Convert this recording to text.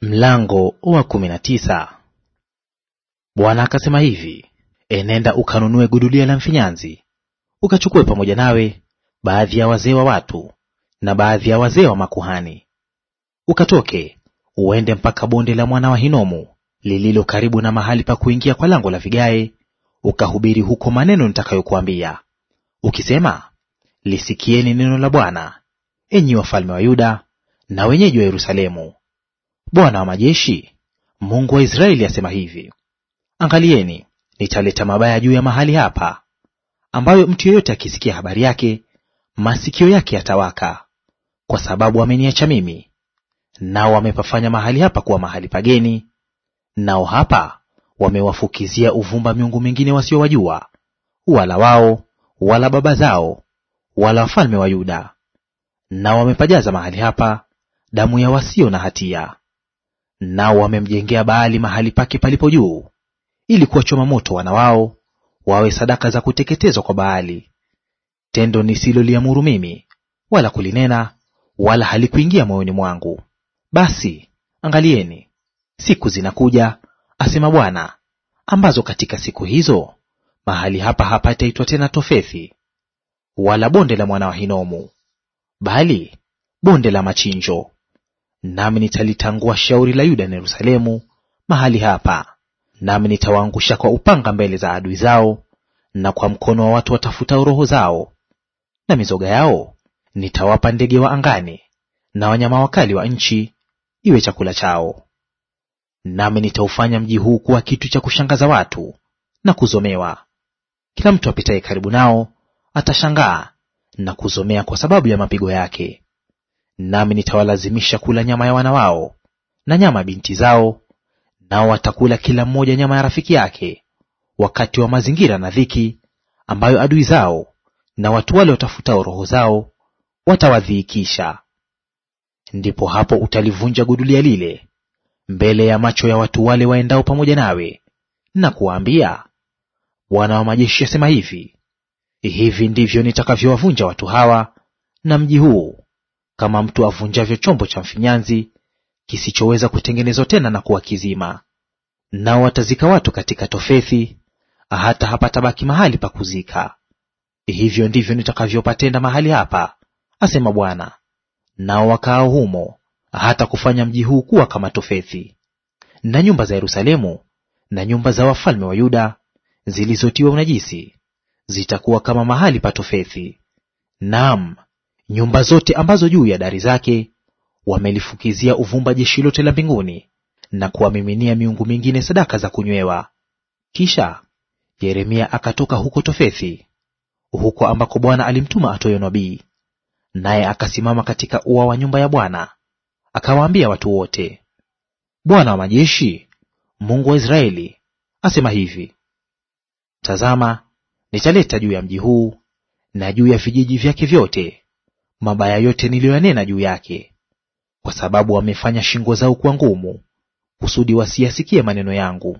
Mlango wa kumi na tisa. Bwana akasema hivi, enenda ukanunue gudulia la mfinyanzi, ukachukue pamoja nawe baadhi ya wazee wa watu na baadhi ya wazee wa makuhani, ukatoke uende mpaka bonde la mwana wa Hinomu lililo karibu na mahali pa kuingia kwa lango la vigae, ukahubiri huko maneno nitakayokuambia, ukisema, lisikieni neno la Bwana, enyi wafalme wa Yuda na wenyeji wa Yerusalemu Bwana wa majeshi, Mungu wa Israeli, asema hivi: Angalieni, nitaleta mabaya juu ya mahali hapa, ambayo mtu yeyote akisikia habari yake masikio yake yatawaka, kwa sababu wameniacha mimi, nao wamepafanya mahali hapa kuwa mahali pageni, nao hapa wamewafukizia uvumba miungu mingine wasiowajua, wala wao wala baba zao wala wafalme wa Yuda, nao wamepajaza mahali hapa damu ya wasio na hatia. Nao wamemjengea Baali mahali pake palipo juu, ili kuwachoma moto wana wao wawe sadaka za kuteketezwa kwa Baali, tendo nisiloliamuru mimi, wala kulinena, wala halikuingia moyoni mwangu. Basi angalieni, siku zinakuja, asema Bwana, ambazo katika siku hizo mahali hapa hapataitwa tena Tofethi, wala bonde la mwana wa Hinomu, bali bonde la machinjo. Nami nitalitangua shauri la Yuda na Yerusalemu mahali hapa, nami nitawaangusha kwa upanga mbele za adui zao, na kwa mkono wa watu watafutao roho zao, na mizoga yao nitawapa ndege wa angani na wanyama wakali wa nchi iwe chakula chao. Nami nitaufanya mji huu kuwa kitu cha kushangaza watu na kuzomewa; kila mtu apitaye karibu nao atashangaa na kuzomea kwa sababu ya mapigo yake nami nitawalazimisha kula nyama ya wana wao na nyama ya binti zao, nao watakula kila mmoja nyama ya rafiki yake, wakati wa mazingira na dhiki ambayo adui zao na watu wale watafutao roho zao watawadhiikisha. Ndipo hapo utalivunja gudulia lile mbele ya macho ya watu wale waendao pamoja nawe, na kuwaambia, Bwana wa majeshi asema hivi, hivi ndivyo nitakavyowavunja watu hawa na mji huu kama mtu avunjavyo chombo cha mfinyanzi kisichoweza kutengenezwa tena na kuwa kizima. Nao watazika watu katika Tofethi, hata hapatabaki mahali pa kuzika. Hivyo ndivyo nitakavyopatenda mahali hapa, asema Bwana, nao wakaao humo, hata kufanya mji huu kuwa kama Tofethi. Na nyumba za Yerusalemu na nyumba za wafalme wa Yuda zilizotiwa unajisi zitakuwa kama mahali pa Tofethi, naam nyumba zote ambazo juu ya dari zake wamelifukizia uvumba jeshi lote la mbinguni, na kuwamiminia miungu mingine sadaka za kunywewa. Kisha Yeremia akatoka huko Tofethi, huko ambako Bwana alimtuma atoyo nabii, naye akasimama katika ua wa nyumba ya Bwana, akawaambia watu wote, Bwana wa majeshi, Mungu wa Israeli, asema hivi: Tazama, nitaleta juu ya mji huu na juu ya vijiji vyake vyote mabaya yote niliyoyanena juu yake. Kwa sababu wamefanya shingo zao kuwa ngumu, kusudi wasiyasikie maneno yangu.